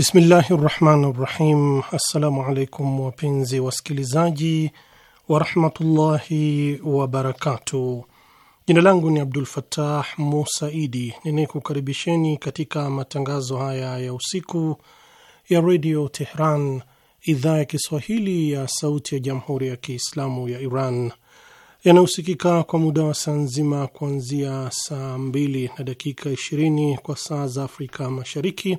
Bismillahi rahmani rahim. Assalamu alaikum wapenzi wasikilizaji warahmatullahi wabarakatuh. Jina langu ni Abdul musa Musaidi ninayekukaribisheni katika matangazo haya ya usiku ya redio Tehran, idhaa ya Kiswahili ya sauti ya jamhuri ya Kiislamu ya Iran yanayosikika kwa muda wa saa nzima kuanzia saa 2 na dakika 20 kwa saa za Afrika Mashariki,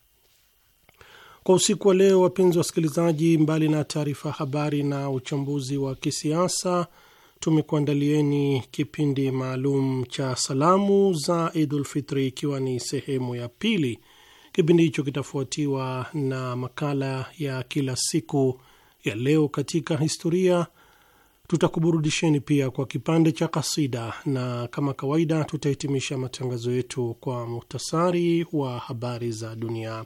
kwa usiku wa leo. Wapenzi wa wasikilizaji, mbali na taarifa habari na uchambuzi wa kisiasa, tumekuandalieni kipindi maalum cha salamu za Idul Fitri, ikiwa ni sehemu ya pili. Kipindi hicho kitafuatiwa na makala ya kila siku ya leo katika historia. Tutakuburudisheni pia kwa kipande cha kasida na kama kawaida tutahitimisha matangazo yetu kwa muhtasari wa habari za dunia.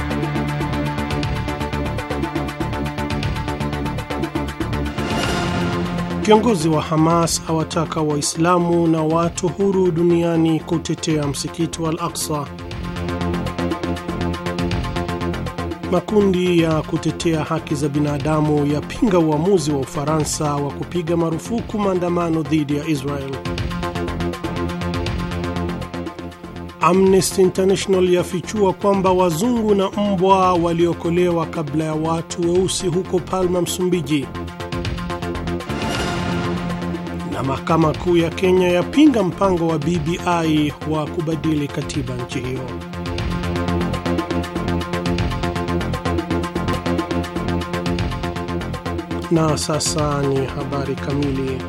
Kiongozi wa Hamas awataka Waislamu na watu huru duniani kutetea msikiti wa Al-Aqsa. Makundi ya kutetea haki za binadamu yapinga uamuzi wa Ufaransa wa kupiga marufuku maandamano dhidi ya Israel. Amnesty International yafichua kwamba wazungu na mbwa waliokolewa kabla ya watu weusi huko Palma, Msumbiji mahakama kuu ya Kenya yapinga mpango wa BBI wa kubadili katiba nchi hiyo. Na sasa ni habari kamili.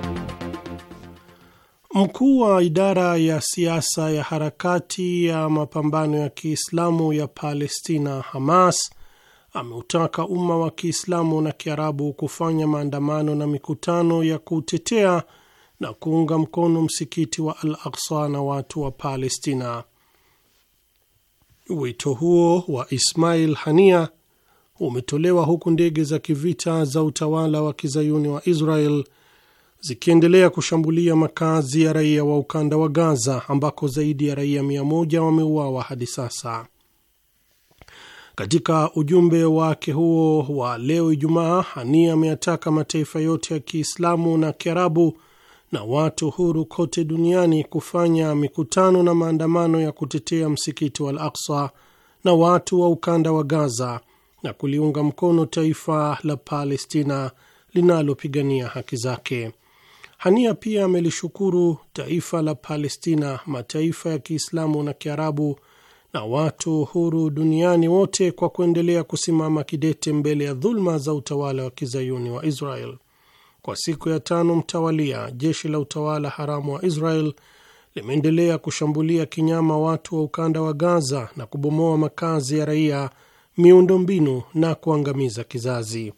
Mkuu wa idara ya siasa ya harakati ya mapambano ya Kiislamu ya Palestina Hamas ameutaka umma wa Kiislamu na Kiarabu kufanya maandamano na mikutano ya kutetea na kuunga mkono msikiti wa Al Aksa na watu wa Palestina. Wito huo wa Ismail Hania umetolewa huku ndege za kivita za utawala wa kizayuni wa Israel zikiendelea kushambulia makazi ya raia wa ukanda wa Gaza ambako zaidi ya raia mia moja wameuawa hadi sasa. Katika ujumbe wake huo wa leo Ijumaa, Hania ameyataka mataifa yote ya Kiislamu na Kiarabu na watu huru kote duniani kufanya mikutano na maandamano ya kutetea msikiti wa al Aksa na watu wa ukanda wa Gaza na kuliunga mkono taifa la Palestina linalopigania haki zake. Hania pia amelishukuru taifa la Palestina, mataifa ya Kiislamu na Kiarabu na watu huru duniani wote kwa kuendelea kusimama kidete mbele ya dhuluma za utawala wa kizayuni wa Israel. Kwa siku ya tano mtawalia, jeshi la utawala haramu wa Israel limeendelea kushambulia kinyama watu wa ukanda wa Gaza na kubomoa makazi ya raia, miundombinu na kuangamiza kizazi.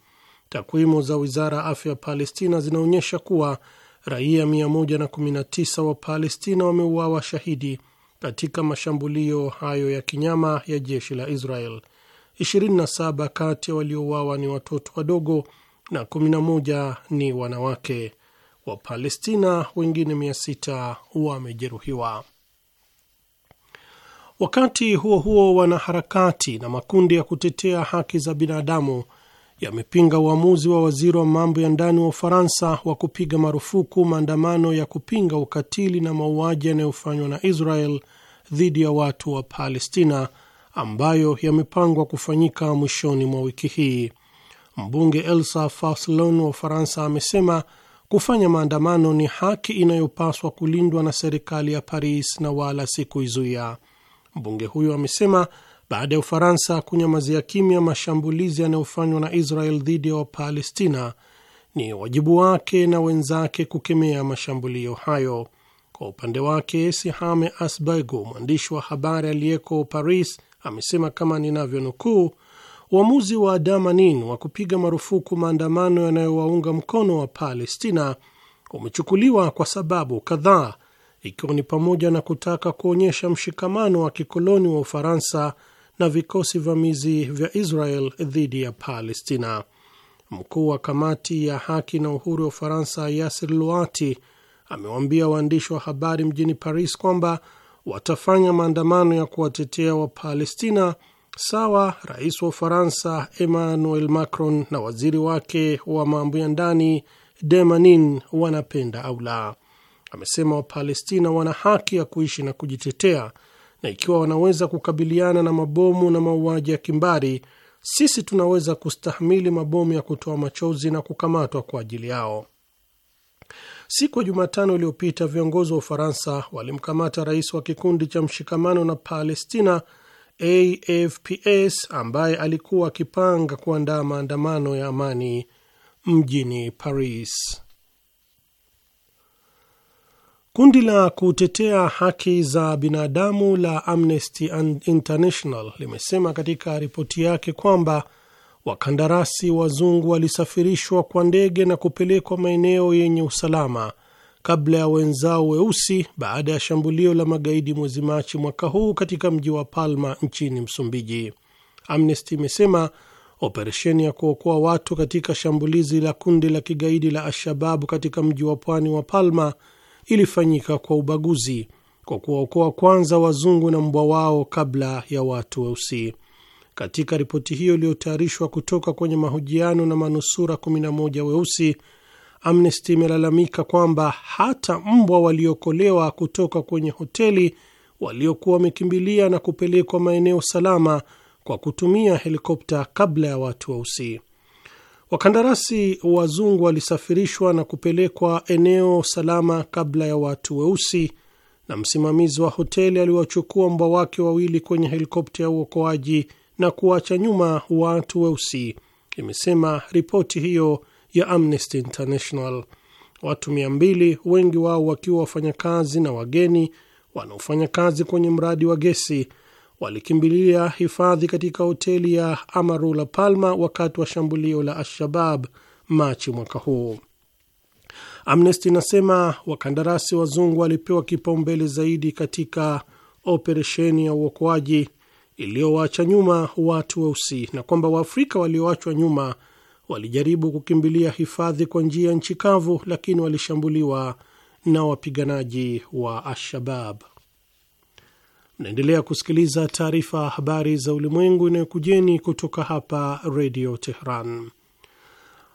Takwimu za wizara ya afya ya Palestina zinaonyesha kuwa raia 119 wa Palestina wameuawa shahidi katika mashambulio hayo ya kinyama ya jeshi la Israel. 27 kati ya waliouawa ni watoto wadogo na 11 ni wanawake. Wapalestina wengine 600 wamejeruhiwa. Wakati huo huo, wanaharakati na makundi ya kutetea haki za binadamu yamepinga uamuzi wa waziri wa mambo ya ndani wa Ufaransa wa kupiga marufuku maandamano ya kupinga ukatili na mauaji yanayofanywa na Israel dhidi ya watu wa Palestina ambayo yamepangwa kufanyika mwishoni mwa wiki hii. Mbunge Elsa Faslon wa Ufaransa amesema kufanya maandamano ni haki inayopaswa kulindwa na serikali ya Paris na wala si kuizuia. Mbunge huyo amesema baada ya Ufaransa kunyamazia kimya mashambulizi yanayofanywa na Israel dhidi ya Wapalestina, ni wajibu wake na wenzake kukemea mashambulio hayo. Kwa upande wake, Sihame Asbego, mwandishi wa habari aliyeko Paris, amesema kama ninavyonukuu Uamuzi wa Damanin wa kupiga marufuku maandamano yanayowaunga mkono wa Palestina umechukuliwa kwa sababu kadhaa, ikiwa ni pamoja na kutaka kuonyesha mshikamano wa kikoloni wa Ufaransa na vikosi vamizi vya Israel dhidi ya Palestina. Mkuu wa kamati ya haki na uhuru wa Ufaransa Yasir Luati amewaambia waandishi wa habari mjini Paris kwamba watafanya maandamano ya kuwatetea Wapalestina sawa rais wa Ufaransa Emmanuel Macron na waziri wake wa mambo ya ndani Demanin wanapenda au la. Amesema Wapalestina wana haki ya kuishi na kujitetea, na ikiwa wanaweza kukabiliana na mabomu na mauaji ya kimbari, sisi tunaweza kustahimili mabomu ya kutoa machozi na kukamatwa kwa ajili yao. Siku ya Jumatano iliyopita viongozi wa Ufaransa walimkamata rais wa kikundi cha mshikamano na Palestina AFPS ambaye alikuwa akipanga kuandaa maandamano ya amani mjini Paris. Kundi la kutetea haki za binadamu la Amnesty International limesema katika ripoti yake kwamba wakandarasi wazungu walisafirishwa kwa ndege na kupelekwa maeneo yenye usalama kabla ya wenzao weusi baada ya shambulio la magaidi mwezi Machi mwaka huu katika mji wa Palma nchini Msumbiji. Amnesty imesema operesheni ya kuokoa watu katika shambulizi la kundi la kigaidi la al katika mji wa pwani wa Palma ilifanyika kwa ubaguzi kwa kuwaokoa kwanza wazungu na mbwa wao kabla ya watu weusi. Katika ripoti hiyo iliyotayarishwa kutoka kwenye mahojiano na manusura 11 weusi Amnesty imelalamika kwamba hata mbwa waliokolewa kutoka kwenye hoteli waliokuwa wamekimbilia na kupelekwa maeneo salama kwa kutumia helikopta kabla ya watu weusi. Wakandarasi wazungu walisafirishwa na kupelekwa eneo salama kabla ya watu weusi, na msimamizi wa hoteli aliwachukua mbwa wake wawili kwenye helikopta ya uokoaji na kuwacha nyuma watu weusi, imesema ripoti hiyo ya Amnesty International. Watu mia mbili, wengi wao wakiwa wafanyakazi na wageni wanaofanya kazi kwenye mradi wa gesi, walikimbilia hifadhi katika hoteli ya Amarula Palma wakati wa shambulio la Alshabab Machi mwaka huu. Amnesty inasema wakandarasi wazungu walipewa kipaumbele zaidi katika operesheni ya uokoaji iliyowaacha nyuma watu weusi wa na kwamba Waafrika walioachwa nyuma walijaribu kukimbilia hifadhi kwa njia ya nchi kavu, lakini walishambuliwa na wapiganaji wa Alshabab. Mnaendelea kusikiliza taarifa ya habari za ulimwengu inayokujeni kutoka hapa Redio Tehran.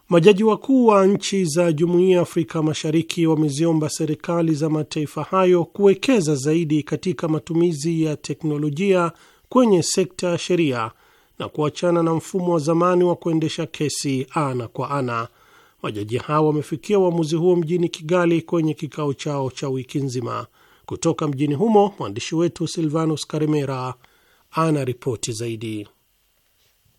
Majaji wakuu wa nchi za Jumuiya ya Afrika Mashariki wameziomba serikali za mataifa hayo kuwekeza zaidi katika matumizi ya teknolojia kwenye sekta ya sheria na kuachana na mfumo wa zamani wa kuendesha kesi ana kwa ana. Majaji hao wamefikia uamuzi huo mjini Kigali kwenye kikao chao cha wiki nzima. Kutoka mjini humo, mwandishi wetu Silvanus Karimera ana ripoti zaidi.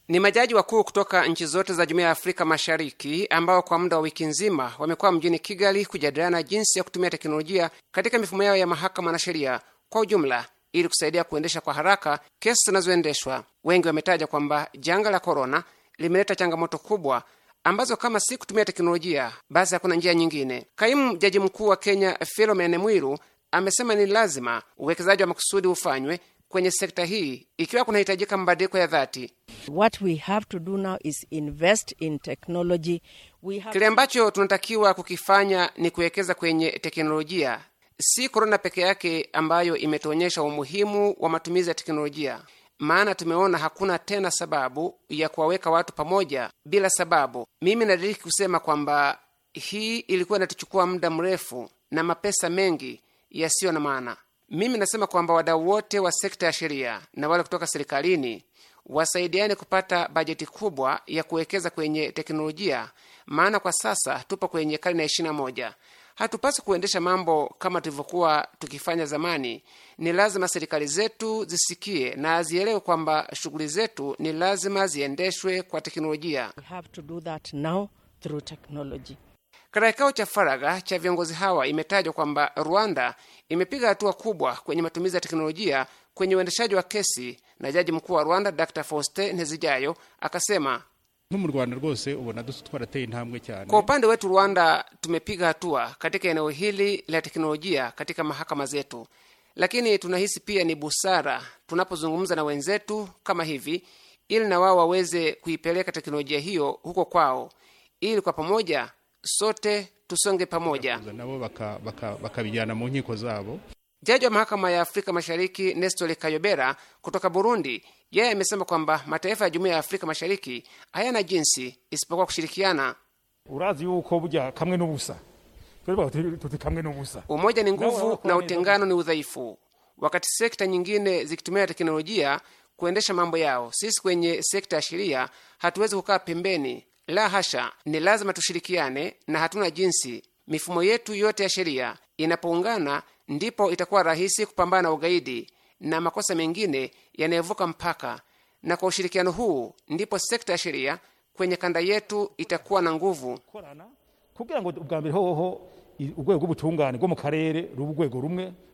Ni majaji wakuu kutoka nchi zote za Jumuiya ya Afrika Mashariki ambao kwa muda wa wiki nzima wamekuwa mjini Kigali kujadiliana jinsi ya kutumia teknolojia katika mifumo yao ya mahakama na sheria kwa ujumla ili kusaidia kuendesha kwa haraka kesi zinazoendeshwa. Wengi wametaja kwamba janga la korona limeleta changamoto kubwa ambazo kama si kutumia teknolojia basi hakuna njia nyingine. Kaimu jaji mkuu wa Kenya Philomene Mwilu amesema ni lazima uwekezaji wa makusudi ufanywe kwenye sekta hii ikiwa kunahitajika mabadiliko ya dhati. Kile ambacho tunatakiwa kukifanya ni kuwekeza kwenye teknolojia Si korona peke yake ambayo imetuonyesha umuhimu wa matumizi ya teknolojia, maana tumeona hakuna tena sababu ya kuwaweka watu pamoja bila sababu. Mimi nadiriki kusema kwamba hii ilikuwa inatuchukua muda mrefu na mapesa mengi yasiyo na maana. Mimi nasema kwamba wadau wote wa sekta ya sheria na wale kutoka serikalini wasaidiane kupata bajeti kubwa ya kuwekeza kwenye teknolojia, maana kwa sasa tupo kwenye karne ya 21 Hatupaswi kuendesha mambo kama tulivyokuwa tukifanya zamani. Ni lazima serikali zetu zisikie na zielewe kwamba shughuli zetu ni lazima ziendeshwe kwa teknolojia. Katika kikao cha faragha cha viongozi hawa imetajwa kwamba Rwanda imepiga hatua kubwa kwenye matumizi ya teknolojia kwenye uendeshaji wa kesi, na jaji mkuu wa Rwanda Dr Faustin Ntezijayo akasema Rwanda rwose ubona twarateye cyane. Kwa upande wetu Rwanda tumepiga hatua katika eneo hili la teknolojia katika mahakama zetu, lakini tunahisi pia ni busara tunapozungumza na wenzetu kama hivi, ili na wao waweze kuipeleka teknolojia hiyo huko kwao, ili kwa pamoja sote tusonge pamoja, nabo bakabijyana mu nkiko zabo. Jaji wa mahakama ya Afrika Mashariki Nestor Kayobera kutoka Burundi, yeye amesema kwamba mataifa ya jumuiya ya Afrika Mashariki hayana jinsi isipokuwa kushirikiana. urazi yuko buja kamwe n'ubusa Umoja ni nguvu na utengano ni udhaifu. Wakati sekta nyingine zikitumia teknolojia kuendesha mambo yao, sisi kwenye sekta ya sheria hatuwezi kukaa pembeni, la hasha, ni lazima tushirikiane na hatuna jinsi. Mifumo yetu yote ya sheria inapoungana ndipo itakuwa rahisi kupambana na ugaidi na makosa mengine yanayovuka mpaka, na kwa ushirikiano huu ndipo sekta ya sheria kwenye kanda yetu itakuwa na nguvu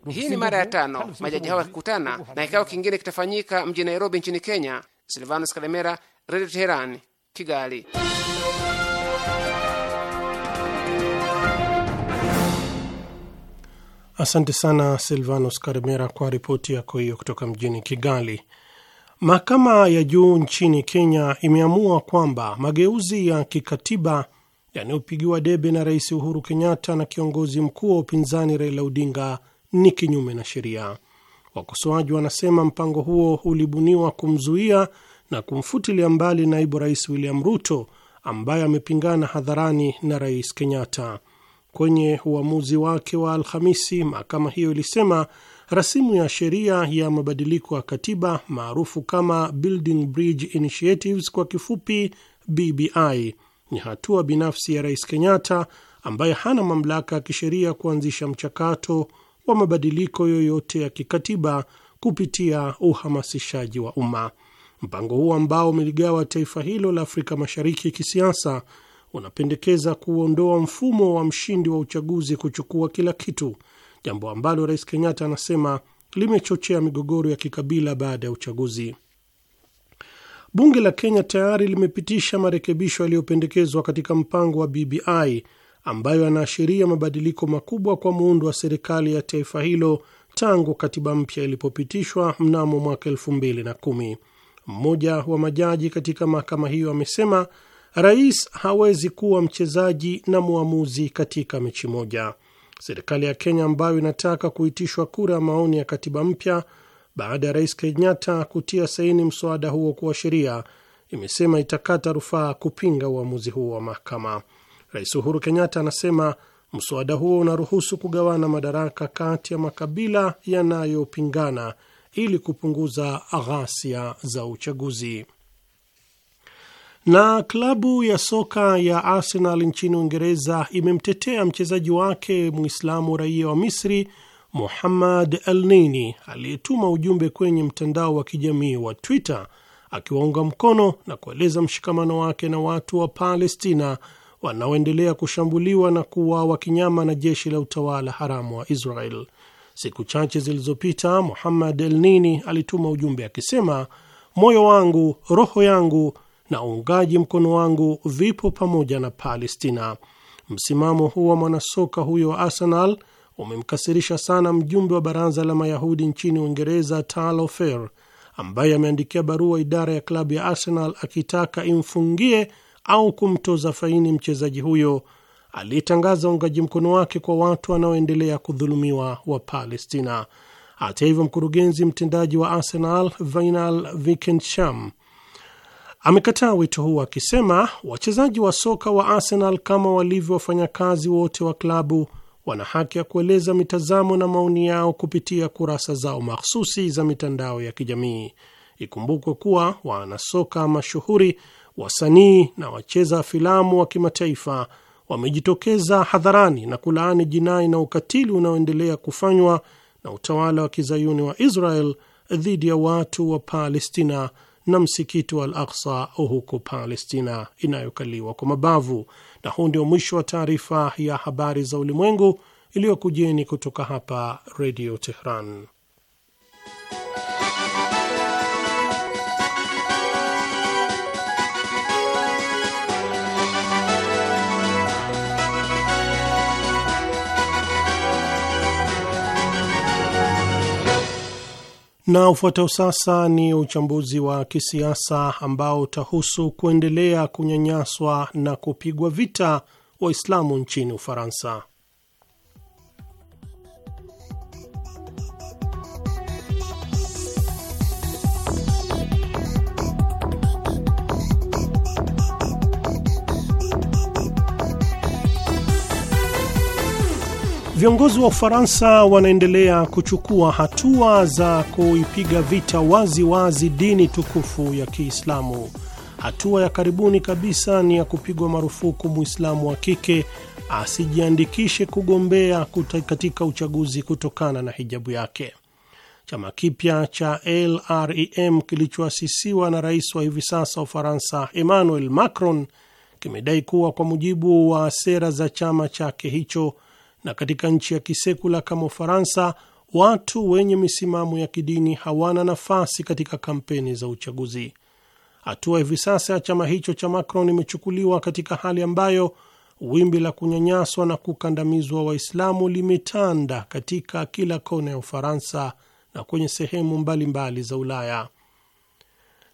hii ni mara ya tano majaji hao wakikutana na kikao kingine kitafanyika mjini Nairobi nchini Kenya. Silvanus Kalemera, Radio Teherani, Kigali. Asante sana Silvanus Karemera kwa ripoti yako hiyo kutoka mjini Kigali. Mahakama ya juu nchini Kenya imeamua kwamba mageuzi ya kikatiba yanayopigiwa debe na Rais Uhuru Kenyatta na kiongozi mkuu wa upinzani Raila Odinga ni kinyume na sheria. Wakosoaji wanasema mpango huo ulibuniwa kumzuia na kumfutilia mbali naibu rais William Ruto ambaye amepingana hadharani na Rais Kenyatta. Kwenye uamuzi wake wa Alhamisi, mahakama hiyo ilisema rasimu ya sheria ya mabadiliko ya katiba maarufu kama Building Bridge Initiatives kwa kifupi BBI ni hatua binafsi ya Rais Kenyatta ambaye hana mamlaka ya kisheria kuanzisha mchakato wa mabadiliko yoyote ya kikatiba kupitia uhamasishaji wa umma. Mpango huo ambao umeligawa taifa hilo la Afrika Mashariki kisiasa unapendekeza kuondoa mfumo wa mshindi wa uchaguzi kuchukua kila kitu, jambo ambalo Rais Kenyatta anasema limechochea migogoro ya kikabila baada ya uchaguzi. Bunge la Kenya tayari limepitisha marekebisho yaliyopendekezwa katika mpango wa BBI ambayo yanaashiria mabadiliko makubwa kwa muundo wa serikali ya taifa hilo tangu katiba mpya ilipopitishwa mnamo mwaka elfu mbili na kumi. Mmoja wa majaji katika mahakama hiyo amesema Rais hawezi kuwa mchezaji na mwamuzi katika mechi moja. Serikali ya Kenya ambayo inataka kuitishwa kura ya maoni ya katiba mpya baada ya Rais Kenyatta kutia saini mswada huo kuwa sheria, imesema itakata rufaa kupinga uamuzi huo wa mahakama. Rais Uhuru Kenyatta anasema mswada huo unaruhusu kugawana madaraka kati ya makabila yanayopingana ili kupunguza ghasia za uchaguzi. Na klabu ya soka ya Arsenal nchini Uingereza imemtetea mchezaji wake Mwislamu raia wa Misri Muhammad Elneny aliyetuma ujumbe kwenye mtandao wa kijamii wa Twitter akiwaunga mkono na kueleza mshikamano wake na watu wa Palestina wanaoendelea kushambuliwa na kuuawa kinyama na jeshi la utawala haramu wa Israel. Siku chache zilizopita, Muhammad elnini alituma ujumbe akisema, moyo wangu, roho yangu na uungaji mkono wangu vipo pamoja na Palestina. Msimamo huu wa mwanasoka huyo wa Arsenal umemkasirisha sana mjumbe wa baraza la Mayahudi nchini Uingereza, Tal Ofer, ambaye ameandikia barua idara ya klabu ya Arsenal akitaka imfungie au kumtoza faini mchezaji huyo aliyetangaza uungaji mkono wake kwa watu wanaoendelea kudhulumiwa wa Palestina. Hata hivyo, mkurugenzi mtendaji wa Arsenal Vinal Vikensham amekataa wito huu akisema wachezaji wa soka wa Arsenal kama walivyo wafanyakazi wote wa klabu wana haki ya kueleza mitazamo na maoni yao kupitia kurasa zao mahsusi za mitandao ya kijamii. Ikumbukwe kuwa wanasoka mashuhuri, wasanii na wacheza filamu wa kimataifa wamejitokeza hadharani na kulaani jinai na ukatili unaoendelea kufanywa na utawala wa kizayuni wa Israel dhidi ya watu wa Palestina na msikiti wa Al Aksa huko Palestina inayokaliwa kwa mabavu. Na huu ndio mwisho wa taarifa ya habari za ulimwengu iliyokujeni kutoka hapa Redio Tehran. Na ufuatao sasa ni uchambuzi wa kisiasa ambao utahusu kuendelea kunyanyaswa na kupigwa vita Waislamu nchini Ufaransa. Viongozi wa Ufaransa wanaendelea kuchukua hatua za kuipiga vita wazi wazi dini tukufu ya Kiislamu. Hatua ya karibuni kabisa ni ya kupigwa marufuku Muislamu wa kike asijiandikishe kugombea katika uchaguzi kutokana na hijabu yake. Chama kipya cha LREM kilichoasisiwa na rais wa hivi sasa Ufaransa Emmanuel Macron kimedai kuwa kwa mujibu wa sera za chama chake hicho na katika nchi ya kisekula kama Ufaransa, watu wenye misimamo ya kidini hawana nafasi katika kampeni za uchaguzi. Hatua hivi sasa ya chama hicho cha Macron imechukuliwa katika hali ambayo wimbi la kunyanyaswa na kukandamizwa Waislamu limetanda katika kila kona ya Ufaransa na kwenye sehemu mbalimbali mbali za Ulaya.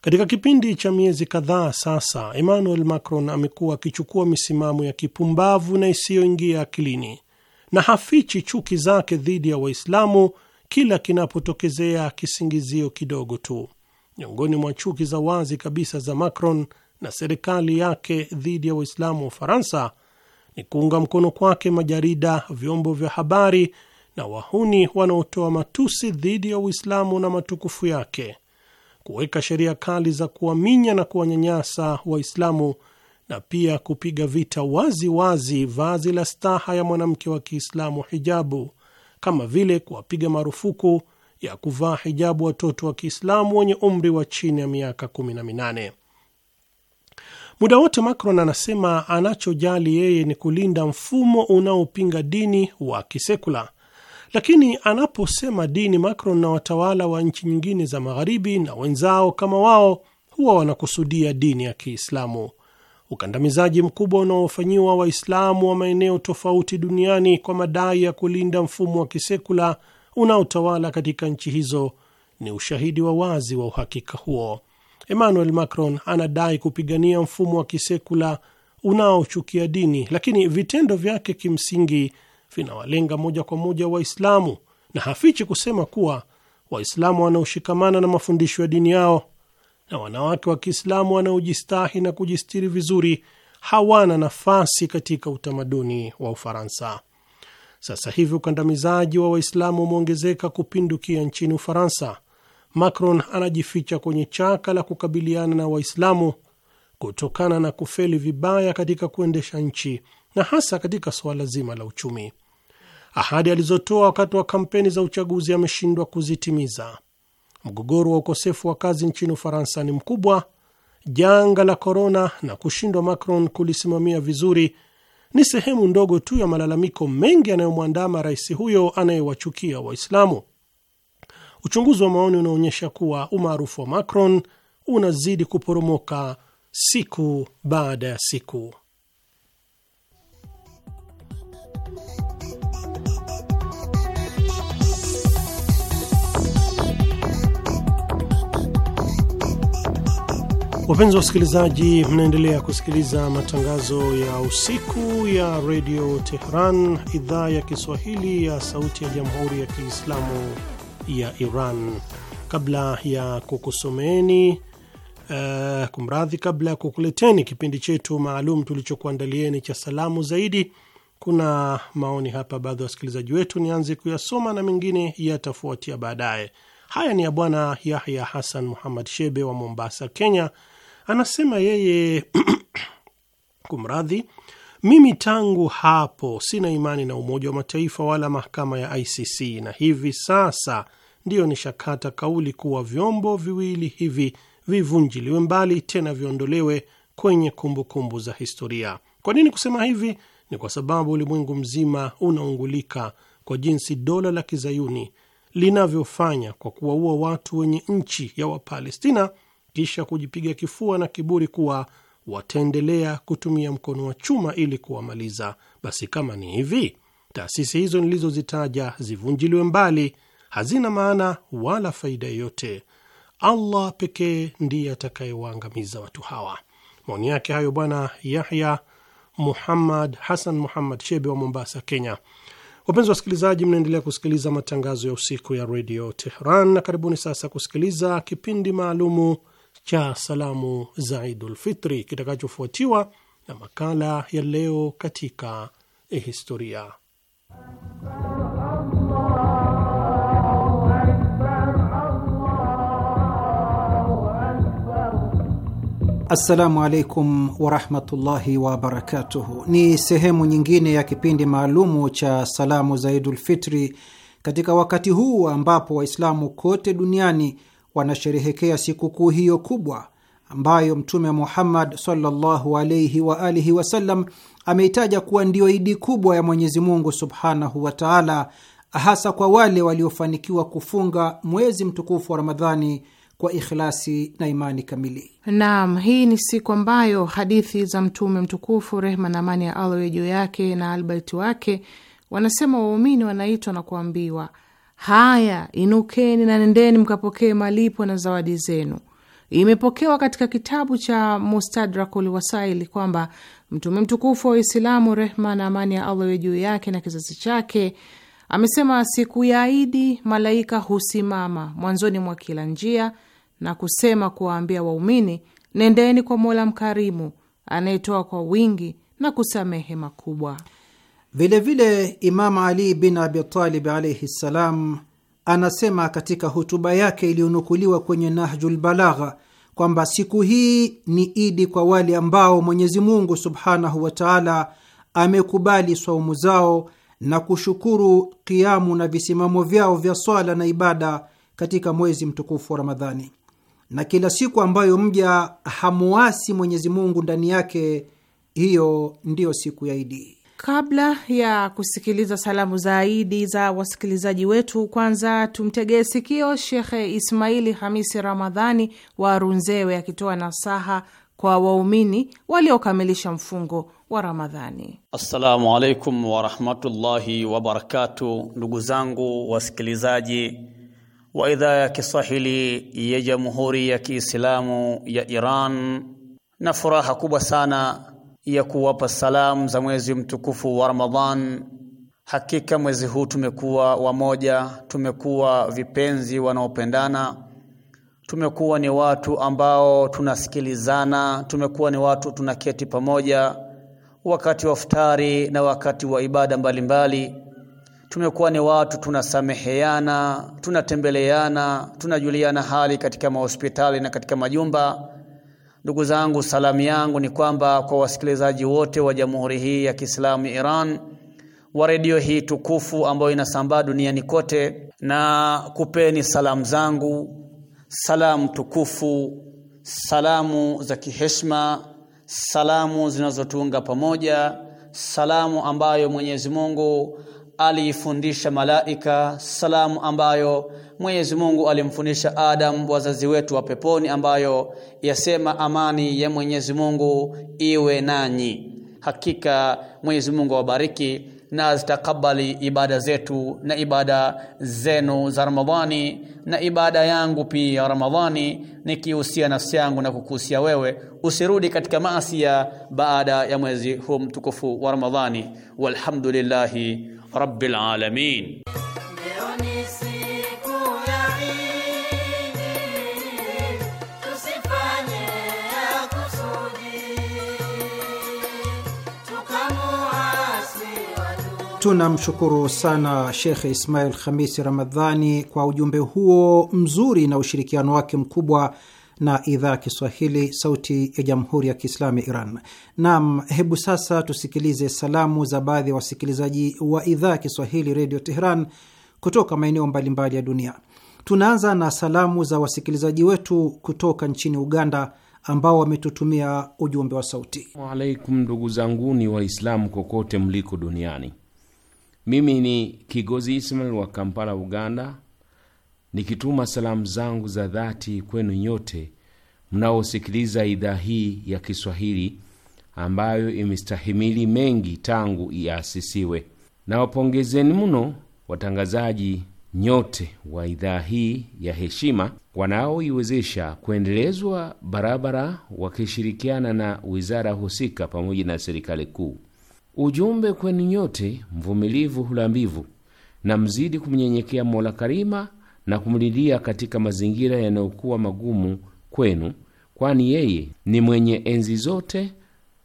Katika kipindi cha miezi kadhaa sasa, Emmanuel Macron amekuwa akichukua misimamo ya kipumbavu na isiyoingia akilini na hafichi chuki zake dhidi ya Waislamu kila kinapotokezea kisingizio kidogo tu. Miongoni mwa chuki za wazi kabisa za Macron na serikali yake dhidi ya Waislamu wa Ufaransa ni kuunga mkono kwake majarida, vyombo vya habari na wahuni wanaotoa matusi dhidi ya Uislamu na matukufu yake, kuweka sheria kali za kuwaminya na kuwanyanyasa Waislamu na pia kupiga vita wazi wazi vazi la staha ya mwanamke wa Kiislamu, hijabu, kama vile kuwapiga marufuku ya kuvaa hijabu watoto wa Kiislamu wenye umri wa chini ya miaka minane. Muda wote Macron anasema anachojali yeye ni kulinda mfumo unaopinga dini wa kisekula, lakini anaposema dini, Macron na watawala wa nchi nyingine za magharibi na wenzao kama wao huwa wanakusudia dini ya Kiislamu ukandamizaji mkubwa unaofanyiwa Waislamu wa maeneo tofauti duniani kwa madai ya kulinda mfumo wa kisekula unaotawala katika nchi hizo ni ushahidi wa wazi wa uhakika huo. Emmanuel Macron anadai kupigania mfumo wa kisekula unaochukia dini, lakini vitendo vyake kimsingi vinawalenga moja kwa moja Waislamu na hafichi kusema kuwa Waislamu wanaoshikamana na mafundisho ya dini yao na wanawake wa Kiislamu wanaojistahi na kujistiri vizuri hawana nafasi katika utamaduni wa Ufaransa. Sasa hivi ukandamizaji wa Waislamu umeongezeka kupindukia nchini Ufaransa. Macron anajificha kwenye chaka la kukabiliana na Waislamu kutokana na kufeli vibaya katika kuendesha nchi na hasa katika suala zima la uchumi. Ahadi alizotoa wakati wa kampeni za uchaguzi ameshindwa kuzitimiza mgogoro wa ukosefu wa kazi nchini Ufaransa ni mkubwa, janga la korona na kushindwa Macron kulisimamia vizuri ni sehemu ndogo tu ya malalamiko mengi yanayomwandama rais huyo anayewachukia Waislamu. Uchunguzi wa maoni unaonyesha kuwa umaarufu wa Macron unazidi kuporomoka siku baada ya siku. Wapenzi wa wasikilizaji, mnaendelea kusikiliza matangazo ya usiku ya redio Tehran, idhaa ya Kiswahili ya sauti ya jamhuri ya Kiislamu ya Iran. Kabla ya kukusomeeni uh, eh, kumradhi, kabla ya kukuleteni kipindi chetu maalum tulichokuandalieni cha salamu zaidi, kuna maoni hapa baadhi ya wasikilizaji wetu, nianze kuyasoma na mengine yatafuatia baadaye. Haya ni ya Bwana Yahya Hasan Muhammad Shebe wa Mombasa, Kenya, Anasema yeye kumradhi, mimi tangu hapo sina imani na Umoja wa Mataifa wala mahakama ya ICC, na hivi sasa ndiyo nishakata kauli kuwa vyombo viwili hivi vivunjiliwe mbali, tena viondolewe kwenye kumbukumbu kumbu za historia. Kwa nini kusema hivi? Ni kwa sababu ulimwengu mzima unaungulika kwa jinsi dola la kizayuni linavyofanya kwa kuwaua watu wenye nchi ya Wapalestina kisha kujipiga kifua na kiburi kuwa wataendelea kutumia mkono wa chuma ili kuwamaliza. Basi kama ni hivi, taasisi hizo nilizozitaja zivunjiliwe mbali, hazina maana wala faida yoyote. Allah pekee ndiye atakayewaangamiza watu hawa. Maoni yake hayo Bwana Yahya Muhammad Hasan Muhammad Shebe wa Mombasa, Kenya. Wapenzi wa wasikilizaji, mnaendelea kusikiliza matangazo ya usiku ya redio Tehran, na karibuni sasa kusikiliza kipindi maalumu cha salamu za Idulfitri kitakachofuatiwa na makala ya leo katika historia. Assalamu alaikum warahmatullahi wabarakatuhu. Ni sehemu nyingine ya kipindi maalumu cha salamu za Idulfitri katika wakati huu ambapo Waislamu kote duniani wanasherehekea sikukuu hiyo kubwa ambayo Mtume Muhammad sallallahu alaihi wa alihi wasallam ameitaja kuwa ndiyo idi kubwa ya Mwenyezi Mungu subhanahu wa taala, hasa kwa wale waliofanikiwa kufunga mwezi mtukufu wa Ramadhani kwa ikhlasi na imani kamili. Naam, hii ni siku ambayo hadithi za Mtume mtukufu, rehma na amani ya Allah juu yake na albaiti wake, wanasema waumini wanaitwa na kuambiwa Haya, inukeni na nendeni mkapokee malipo na zawadi zenu. Imepokewa katika kitabu cha Mustadrakul Wasaili kwamba Mtume mtukufu wa Uislamu, rehma na amani ya Allah iwe juu yake na kizazi chake, amesema siku ya Idi malaika husimama mwanzoni mwa kila njia na kusema kuwaambia waumini, nendeni kwa Mola mkarimu anayetoa kwa wingi na kusamehe makubwa. Vilevile Imamu Ali bin Abitalib alaihi ssalam anasema katika hutuba yake iliyonukuliwa kwenye Nahjul Balagha kwamba siku hii ni idi kwa wale ambao Mwenyezi Mungu subhanahu wa taala amekubali swaumu zao na kushukuru kiamu na visimamo vyao vya swala na ibada katika mwezi mtukufu wa Ramadhani, na kila siku ambayo mja hamuasi Mwenyezi Mungu ndani yake, hiyo ndiyo siku ya Idi. Kabla ya kusikiliza salamu zaidi za wasikilizaji wetu, kwanza tumtegee sikio Shekhe Ismaili Hamisi Ramadhani wa Runzewe akitoa nasaha kwa waumini waliokamilisha mfungo wa Ramadhani. Assalamu alaikum warahmatullahi wabarakatu, ndugu zangu wasikilizaji wa idhaa ya Kiswahili ya Jamhuri ya Kiislamu ya Iran, na furaha kubwa sana ya kuwapa salamu za mwezi mtukufu wa Ramadhan. Hakika mwezi huu tumekuwa wamoja, tumekuwa vipenzi wanaopendana, tumekuwa ni watu ambao tunasikilizana, tumekuwa ni watu tunaketi pamoja wakati wa futari na wakati wa ibada mbalimbali Tumekuwa ni watu tunasameheana, tunatembeleana, tunajuliana hali katika mahospitali na katika majumba Ndugu zangu, salamu yangu ni kwamba kwa wasikilizaji wote wa jamhuri hii ya Kiislamu Iran wa redio hii tukufu ambayo inasambaa duniani kote, na kupeni salamu zangu, salamu tukufu, salamu za kiheshima, salamu zinazotunga pamoja, salamu ambayo Mwenyezi Mungu aliifundisha malaika, salamu ambayo Mwenyezi Mungu alimfundisha Adam wazazi wetu wa peponi, ambayo yasema amani ya Mwenyezi Mungu iwe nanyi. Hakika Mwenyezi Mungu awabariki na azitakabali ibada zetu na ibada zenu za Ramadhani na ibada yangu pia ya Ramadhani, nikihusia nafsi yangu na kukuhusia wewe, usirudi katika maasia baada ya mwezi huu mtukufu wa Ramadhani. Walhamdulillahi rabbil alamin. Tunamshukuru sana Shekhe Ismail Khamisi Ramadhani kwa ujumbe huo mzuri na ushirikiano wake mkubwa na idhaa ya Kiswahili, Sauti ya Jamhuri ya Kiislamu ya Iran. Naam, hebu sasa tusikilize salamu za baadhi ya wasikilizaji wa idhaa ya Kiswahili Redio Teheran kutoka maeneo mbalimbali ya dunia. Tunaanza na salamu za wasikilizaji wetu kutoka nchini Uganda ambao wametutumia ujumbe wa sauti. Waalaikum, ndugu ni Waislamu kokote mliko duniani mimi ni Kigozi Ismail wa Kampala, Uganda, nikituma salamu zangu za dhati kwenu nyote mnaosikiliza idhaa hii ya Kiswahili ambayo imestahimili mengi tangu iasisiwe. Nawapongezeni mno watangazaji nyote wa idhaa hii ya heshima wanaoiwezesha kuendelezwa barabara, wakishirikiana na wizara husika pamoja na serikali kuu. Ujumbe kwenu nyote mvumilivu hulambivu na mzidi kumnyenyekea Mola Karima na kumlilia katika mazingira yanayokuwa magumu kwenu, kwani yeye ni mwenye enzi zote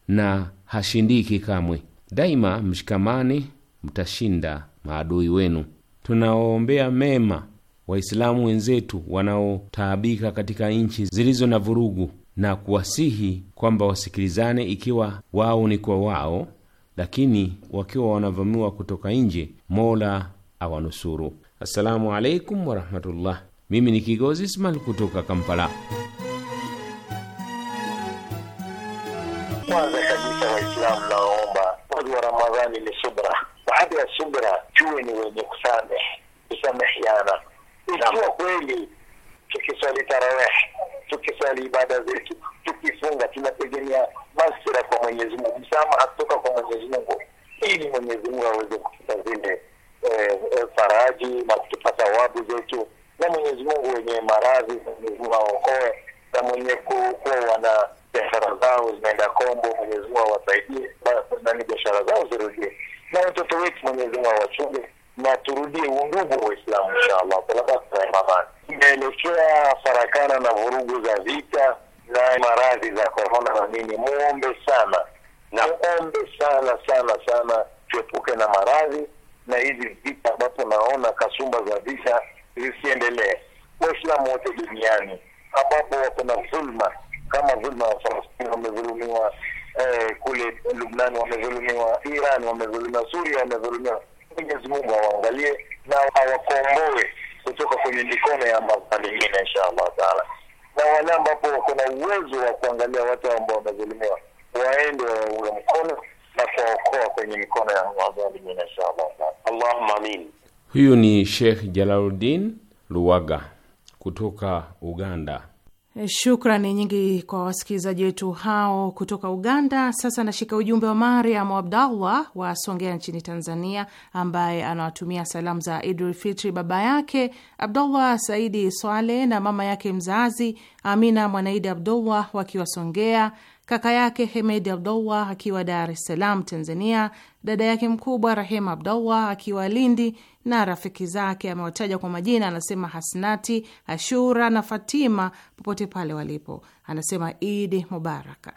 na hashindiki kamwe. Daima mshikamani, mtashinda maadui wenu. Tunawaombea mema Waislamu wenzetu wanaotaabika katika nchi zilizo na vurugu na kuwasihi kwamba wasikilizane, ikiwa wao ni kwa wao lakini wakiwa wanavamiwa kutoka nje, Mola awanusuru. Assalamu alaikum warahmatullah. Mimi ni Kigozi Ismail kutoka Kampala. Kwanza kabisa, Waislamu naomba mwezi wa Ramadhani ni subra. Baada ya subra, tuwe ni wenye kusamehe, kusamehiana. Ikiwa kweli tukiswali tarawehi tukisali ibada zetu, tukifunga, tunategemea masira kwa Mwenyezi Mungu, msamaha kutoka kwa Mwenyezi Mungu, ili Mwenyezi Mungu aweze kutupa zile e, faraji na kutupa thawabu zetu, na Mwenyezi Mungu wenye maradhi, Mwenyezi Mungu aokoe, na mwenye kuwa na biashara zao zinaenda kombo, Mwenyezi Mungu awasaidie, nani biashara zao zirudie, na watoto wetu Mwenyezi Mungu awachunge na turudie undugu wa Uislamu inshallah, tunataka tunaimamani. Inaelekea farakana na vurugu za vita na maradhi za korona na nini, muombe sana na muombe sana sana sana, tuepuke na maradhi na hizi vita ambapo naona kasumba za vita zisiendelee. Waislamu wote duniani ambapo wako na dhulma kama dhulma ya Falastini wamedhulumiwa, eh, kule Lubnani wamedhulumiwa, Iran wamedhulumiwa, Suria wamedhulumiwa Mwenyezi Mungu awaangalie na awakomboe kutoka kwenye mikono ya mingine insha Allah taala, na wale ambapo wako na uwezo wa kuangalia watu ambao wamezulumiwa waende waunge mkono na kuwaokoa kwenye mikono ya wazalimin insha Allah taala. Allahumma amin. Huyu ni Sheikh Jalaluddin Luwaga kutoka Uganda. Eh, shukrani nyingi kwa wasikilizaji wetu hao kutoka Uganda. Sasa nashika ujumbe wa Mariam Abdallah wa Songea nchini Tanzania, ambaye anawatumia salamu za Idul Fitri baba yake Abdullah Saidi Swale na mama yake mzazi Amina Mwanaidi Abdullah wakiwa Songea, kaka yake Hemedi Abdullah akiwa Dar es Salaam Tanzania, dada yake mkubwa Rahema Abdullah akiwa Lindi na rafiki zake amewataja kwa majina. Anasema Hasnati, Ashura na Fatima popote pale walipo. Anasema Idi Mubaraka.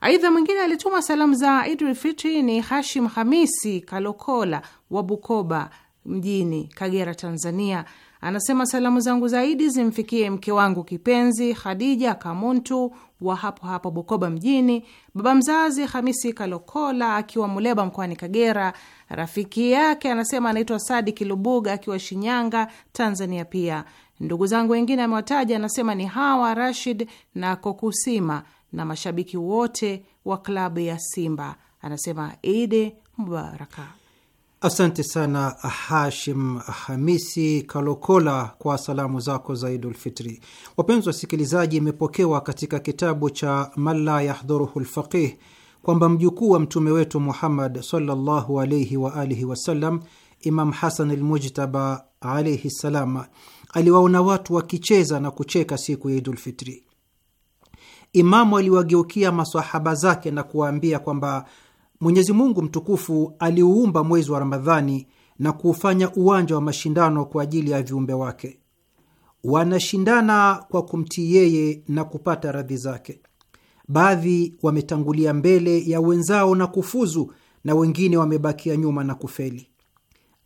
Aidha, mwingine alituma salamu za Idul Fitri ni Hashim Hamisi Kalokola wa Bukoba mjini Kagera, Tanzania. Anasema salamu zangu zaidi zimfikie mke wangu kipenzi Khadija Kamuntu wa hapo hapo Bukoba mjini, baba mzazi Hamisi Kalokola akiwa Muleba mkoani Kagera, rafiki yake anasema anaitwa Sadi Kilubuga akiwa Shinyanga, Tanzania. Pia ndugu zangu wengine amewataja, anasema ni Hawa Rashid na Kokusima na mashabiki wote wa klabu ya Simba. Anasema Idi Mubaraka. Asante sana Hashim Hamisi Kalokola kwa salamu zako za Idulfitri. Wapenzi wasikilizaji, imepokewa katika kitabu cha man la yahdhuruhu lfaqih kwamba mjukuu wa mtume wetu Muhammad sallallahu alaihi wa alihi wasallam, Imam Hasan lmujtaba alaihi ssalam, aliwaona watu wakicheza na kucheka siku ya Idulfitri. Imamu aliwageukia masahaba zake na kuwaambia kwamba Mwenyezi Mungu mtukufu aliuumba mwezi wa Ramadhani na kuufanya uwanja wa mashindano kwa ajili ya viumbe wake. Wanashindana kwa kumtii yeye na kupata radhi zake. Baadhi wametangulia mbele ya wenzao na kufuzu, na wengine wamebakia nyuma na kufeli.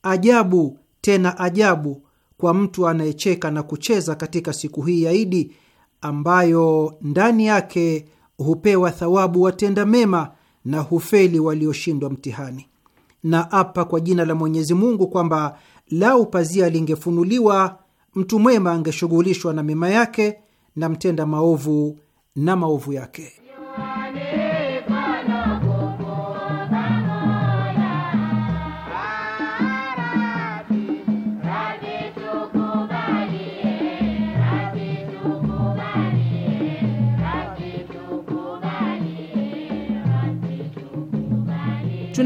Ajabu tena ajabu kwa mtu anayecheka na kucheza katika siku hii ya Idi, ambayo ndani yake hupewa thawabu watenda mema na hufeli walioshindwa mtihani. Na apa kwa jina la Mwenyezi Mungu kwamba lau pazia lingefunuliwa, mtu mwema angeshughulishwa na mema yake na mtenda maovu na maovu yake.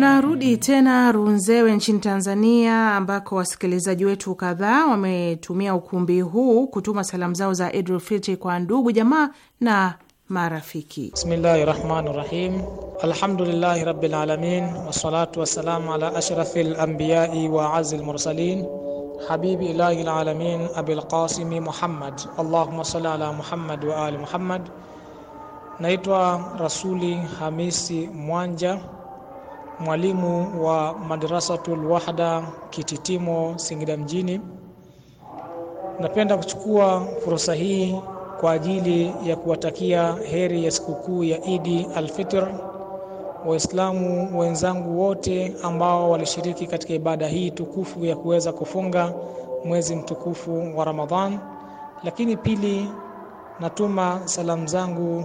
Tunarudi tena Runzewe nchini Tanzania, ambako wasikilizaji wetu kadhaa wametumia ukumbi huu kutuma salamu zao za Idul Fitri kwa ndugu jamaa na marafiki. Bismillahi rahmani rahim, alhamdulillahi rabbil alamin, wassalatu wassalamu ala ashrafi lambiyai wa azi lmursalin habibi ilahi lalamin abil qasimi Muhammad, allahumma sali ala Muhammad wa ali Muhammad. Naitwa Rasuli Hamisi Mwanja mwalimu wa Madrasatul Wahda Kititimo Singida mjini. Napenda kuchukua fursa hii kwa ajili ya kuwatakia heri ya sikukuu ya Idi Alfitr Waislamu wenzangu wote ambao walishiriki katika ibada hii tukufu ya kuweza kufunga mwezi mtukufu wa Ramadhan. Lakini pili, natuma salamu zangu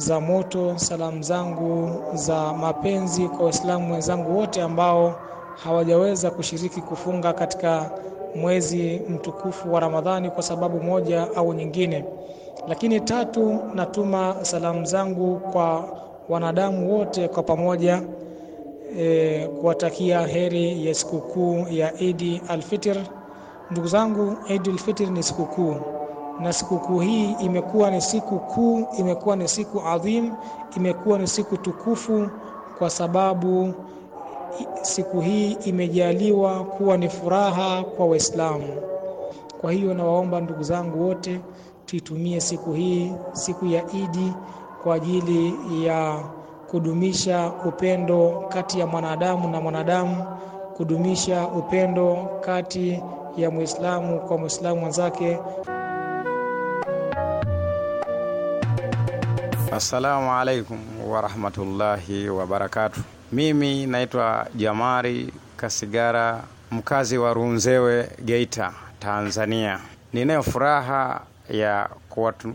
za moto, salamu zangu za mapenzi kwa Waislamu wenzangu wote ambao hawajaweza kushiriki kufunga katika mwezi mtukufu wa Ramadhani kwa sababu moja au nyingine. Lakini tatu, natuma salamu zangu kwa wanadamu wote kwa pamoja e, kuwatakia heri ya sikukuu ya Idi alfitir Ndugu zangu, Idi alfitir ni sikukuu na sikukuu hii imekuwa ni siku kuu, imekuwa ni siku adhim, imekuwa ni siku tukufu, kwa sababu siku hii imejaliwa kuwa ni furaha kwa Waislamu. Kwa hiyo nawaomba ndugu zangu wote tuitumie siku hii, siku ya Idi, kwa ajili ya kudumisha upendo kati ya mwanadamu na mwanadamu, kudumisha upendo kati ya Muislamu kwa Muislamu mwenzake. Assalamu alaikum warahmatullahi wabarakatu. Mimi naitwa Jamari Kasigara, mkazi wa Runzewe, Geita, Tanzania. Ninayo furaha ya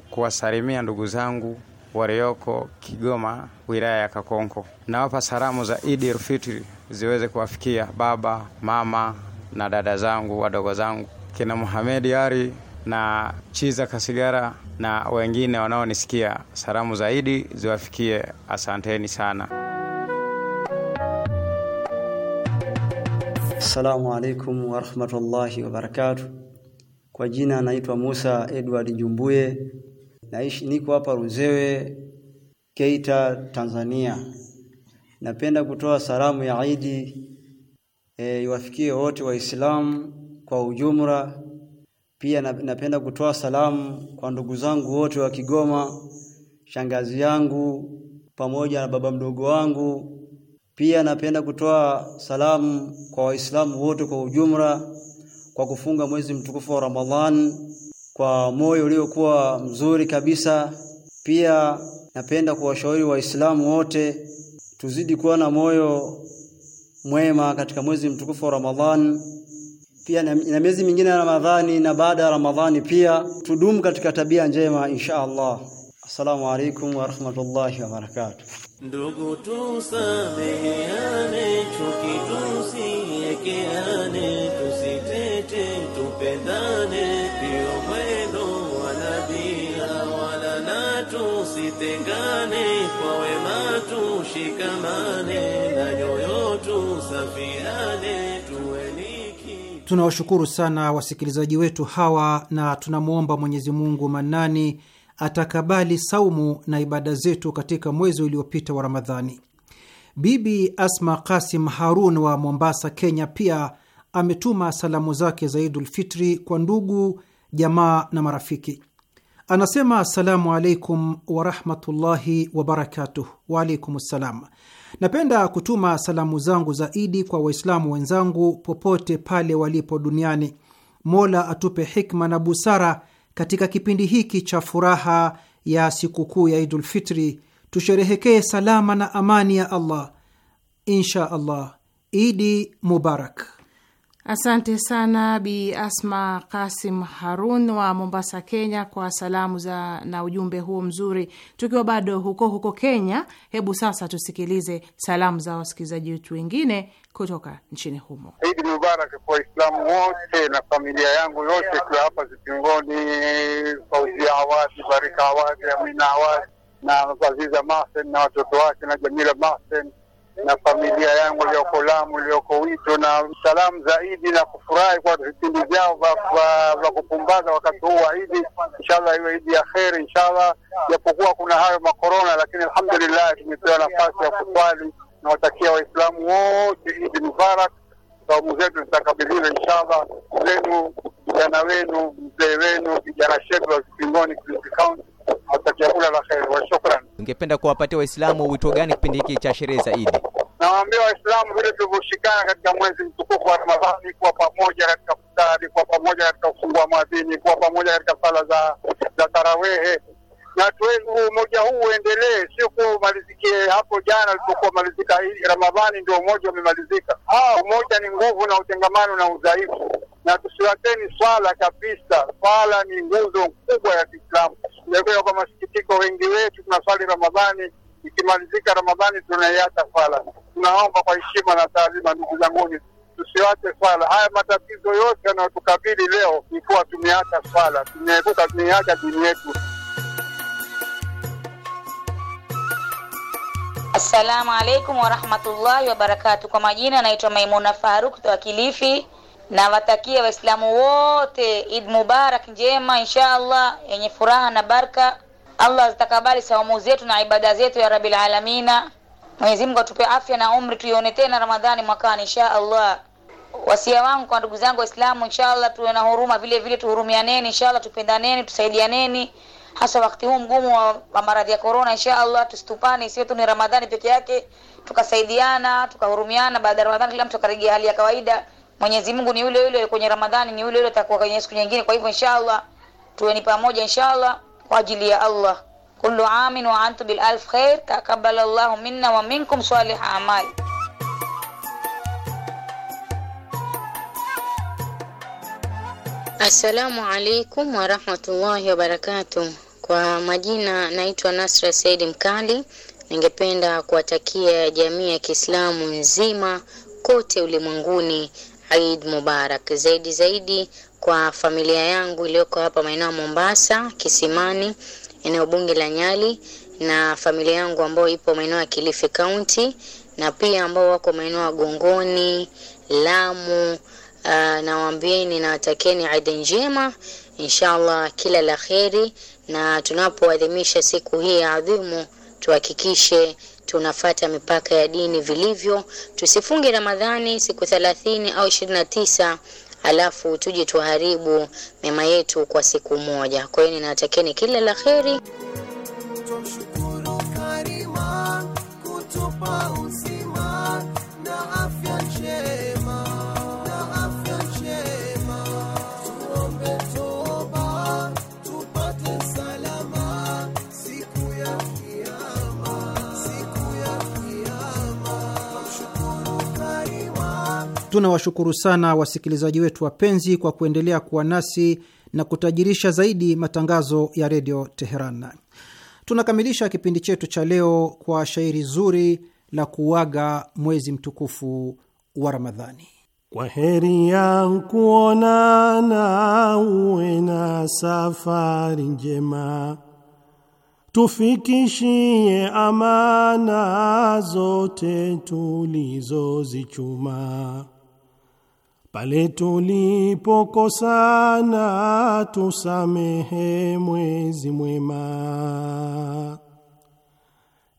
kuwasalimia ndugu zangu walioko Kigoma, wilaya ya Kakonko. Nawapa salamu za Idi Fitri ziweze kuwafikia baba, mama na dada zangu wadogo zangu kina Muhamedi Ari na Chiza Kasigara na wengine wanaonisikia, salamu zaidi ziwafikie. Asanteni sana. Assalamu alaikum warahmatullahi wabarakatu Kwa jina naitwa Musa Edward Jumbuye, naishi niko hapa ruzewe Keita, Tanzania. Napenda kutoa salamu ya Idi eh, iwafikie e, wote Waislamu kwa ujumla pia napenda kutoa salamu kwa ndugu zangu wote wa Kigoma, shangazi yangu pamoja na baba mdogo wangu. Pia napenda kutoa salamu kwa Waislamu wote kwa ujumla kwa kufunga mwezi mtukufu wa Ramadhan kwa moyo uliokuwa mzuri kabisa. Pia napenda kuwashauri Waislamu wote tuzidi kuwa na moyo mwema katika mwezi mtukufu wa Ramadhan pia na miezi mingine ya Ramadhani na baada ya Ramadhani pia tudumu katika tabia njema insha Allah. Assalamu alaykum wa rahmatullahi wa barakatuh. Ndugu tusameheane, chuki tusiekeane, tusitete, tupendane, ndio mwendo wala nabia wala na tusitengane, kwa wema tushikamane, na nyoyo tusafiane Tunawashukuru sana wasikilizaji wetu hawa na tunamwomba Mwenyezi Mungu Manani atakabali saumu na ibada zetu katika mwezi uliopita wa Ramadhani. Bibi Asma Kasim Harun wa Mombasa, Kenya, pia ametuma salamu zake za Idul Fitri kwa ndugu, jamaa na marafiki. Anasema, assalamu alaikum warahmatullahi wabarakatuh. Waalaikum ssalam. Napenda kutuma salamu zangu za Idi kwa Waislamu wenzangu popote pale walipo duniani. Mola atupe hikma na busara katika kipindi hiki cha furaha ya sikukuu ya Idul Fitri, tusherehekee salama na amani ya Allah. Insha Allah, Idi mubarak. Asante sana Bi Asma Kasim Harun wa Mombasa, Kenya, kwa salamu za na ujumbe huo mzuri. Tukiwa bado huko huko Kenya, hebu sasa tusikilize salamu za wasikilizaji wetu wengine kutoka nchini humo. Idi Mubarak kwa Waislamu wote na familia yangu yote ikiwa hapa Zipingoni, Fauzia Awadi, Barika Awadi, Amina Awadi na Aziza Masen na watoto wake na Jamila Masen na familia yangu iliyoko Lamu, iliyoko Wito, na salamu zaidi na kufurahi kwa vipindi vyao vya kupumbaza wakati huu wa Idi. Inshallah iwe Idi ya kheri inshallah, japokuwa kuna hayo makorona, lakini alhamdulillah tumepewa nafasi ya kuswali. Nawatakia Waislamu wote Idi Mubarak. Saumu zetu zitakabidhiwa inshallah, zenu vijana wenu, mzee wenu, vijana shetu wa Kingoni County watakiakula la kheri wa Ungependa kuwapatia Waislamu wito gani kipindi hiki cha sherehe za Idi? Nawaambia Waislamu vile tulivyoshikana katika mwezi mtukufu wa Ramadhani, kuwa pamoja katika futari, kuwa pamoja katika kufungua mwadhini, kuwa pamoja katika sala za za tarawehe na tuwezi umoja huu uendelee, sio kumalizikie hapo jana alipokuwa malizika. Ramadhani ndio umoja umemalizika. Ah, umoja ni nguvu na utengamano na udhaifu na tusiwateni swala kabisa. Swala ni nguzo kubwa ya Kiislamu. Tumekuwa kwa masikitiko, wengi wetu tunaswali Ramadhani, ikimalizika Ramadhani tunaiacha swala. Tunaomba kwa heshima na taadhima, ndugu zanguni, tusiwache swala. Haya matatizo yote yanayotukabili leo ni kuwa tumeacha swala, tumeepuka, tumeiacha dini yetu. Assalamu alaikum warahmatullahi wabarakatu. Kwa majina anaitwa Maimuna Faruk kutoka Kilifi. Nawatakia Waislamu wote Eid Mubarak njema insha Allah, yenye furaha na baraka. Allah zitakabali saumu zetu na ibada zetu ya Rabbil Alamina. Mwenyezi Mungu atupe afya na umri tuione tena Ramadhani mwakani insha Allah. Wasia wangu kwa ndugu zangu Waislamu, inshaallah tuwe na huruma vile vile, tuhurumianeni inshaallah tupendaneni, tusaidianeni, hasa wakati huu mgumu wa, wa maradhi ya korona. inshaallah Allah tusitupane, isiwe tu ni Ramadhani peke yake, tukasaidiana tukahurumiana. Baada ya Ramadhani kila mtu akarejea hali ya kawaida. Mwenyezi Mungu ni yule yule kwenye Ramadhani, ni yule yule atakuwa kwenye siku nyingine. Kwa hivyo inshallah tuweni pamoja inshallah kwa ajili ya Allah. Kullu amin wa antum bil alf khair, taqabbal Allahu minna wa minkum salih amali. Assalamu alaikum wa barakatuh. Kwa majina naitwa Nasra Said Mkali. Ningependa kuwatakia jamii ya Kiislamu nzima kote ulimwenguni Eid Mubarak. Zaidi zaidi kwa familia yangu iliyoko hapa maeneo ya Mombasa, Kisimani, eneo bunge la Nyali na familia yangu ambayo ipo maeneo ya Kilifi County na pia ambao wako maeneo ya Gongoni, Lamu. Uh, nawaambieni nawatakieni Eid njema inshallah, kila la kheri, na tunapoadhimisha siku hii ya adhimu tuhakikishe tunafata mipaka ya dini vilivyo, tusifunge Ramadhani siku thelathini au ishirini na tisa alafu tuje tuharibu mema yetu kwa siku moja. Kwa hiyo ninatakeni kila la heri. Tunawashukuru sana wasikilizaji wetu wapenzi kwa kuendelea kuwa nasi na kutajirisha zaidi matangazo ya redio Teheran. Tunakamilisha kipindi chetu cha leo kwa shairi zuri la kuuaga mwezi mtukufu wa Ramadhani. Kwa heri ya kuonana, uwe na safari njema, tufikishie amana zote tulizozichuma pale tulipokosana tusamehe, mwezi mwema.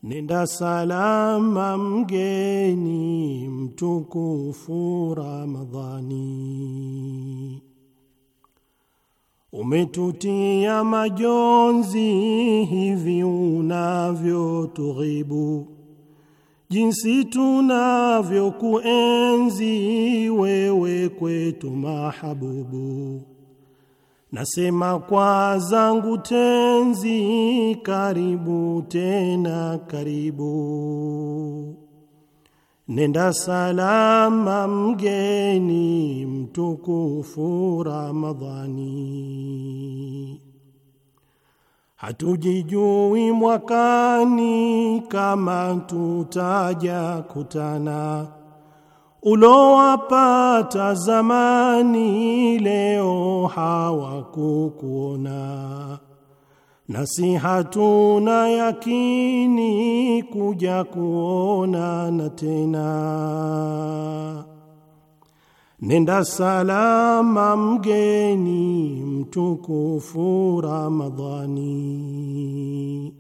Nenda salama, mgeni mtukufu Ramadhani. Umetutia majonzi hivi unavyotughibu jinsi tunavyokuenzi wewe kwetu mahabubu, nasema kwa zangu tenzi, karibu tena karibu. Nenda salama mgeni mtukufu Ramadhani. Hatujijui mwakani kama tutaja kutana, ulowapata zamani leo hawakukuona, nasi hatuna yakini kuja kuona na tena. Nenda salama mgeni mtukufu Ramadhani.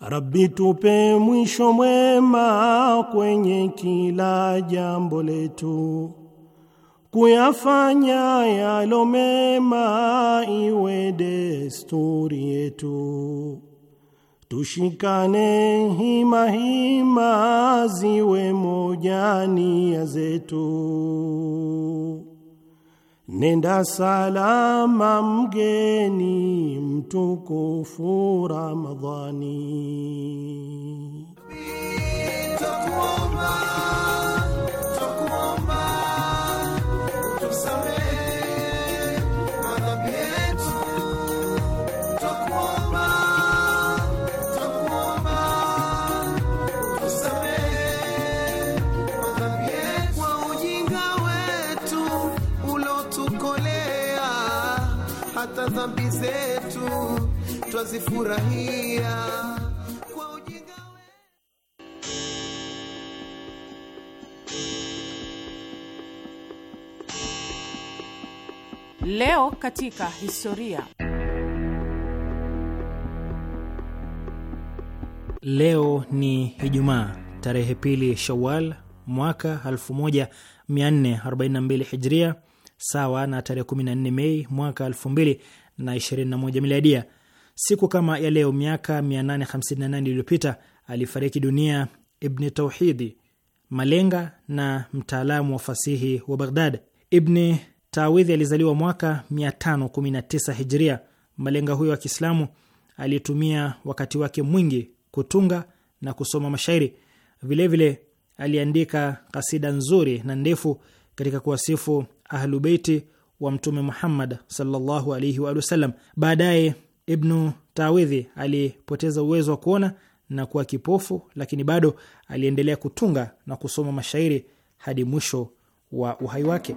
Rabbi tupe mwisho mwema kwenye kila jambo letu, kuyafanya yalo mema iwe desturi yetu. Tushikane hima hima, ziwe moja nia zetu. Nenda salama mgeni mtukufu Ramadhani. zetu twazifurahia kwa ujinga we. Leo katika historia. Leo ni Ijumaa tarehe pili Shawal mwaka 1442 Hijria, sawa na tarehe 14 Mei mwaka 2000 na 21 miliadia. Siku kama ya leo miaka 858 iliyopita alifariki dunia Ibni Tauhidi, malenga na mtaalamu wa fasihi wa Baghdad. Ibni Tawidhi alizaliwa mwaka 519 Hijria. Malenga huyo wa Kiislamu alitumia wakati wake mwingi kutunga na kusoma mashairi. Vilevile vile, aliandika kasida nzuri na ndefu katika kuwasifu Ahlubeiti wa Mtume Muhammad sallallahu alaihi wa sallam. Baadaye Ibnu Tawidhi alipoteza uwezo wa kuona na kuwa kipofu, lakini bado aliendelea kutunga na kusoma mashairi hadi mwisho wa uhai wake.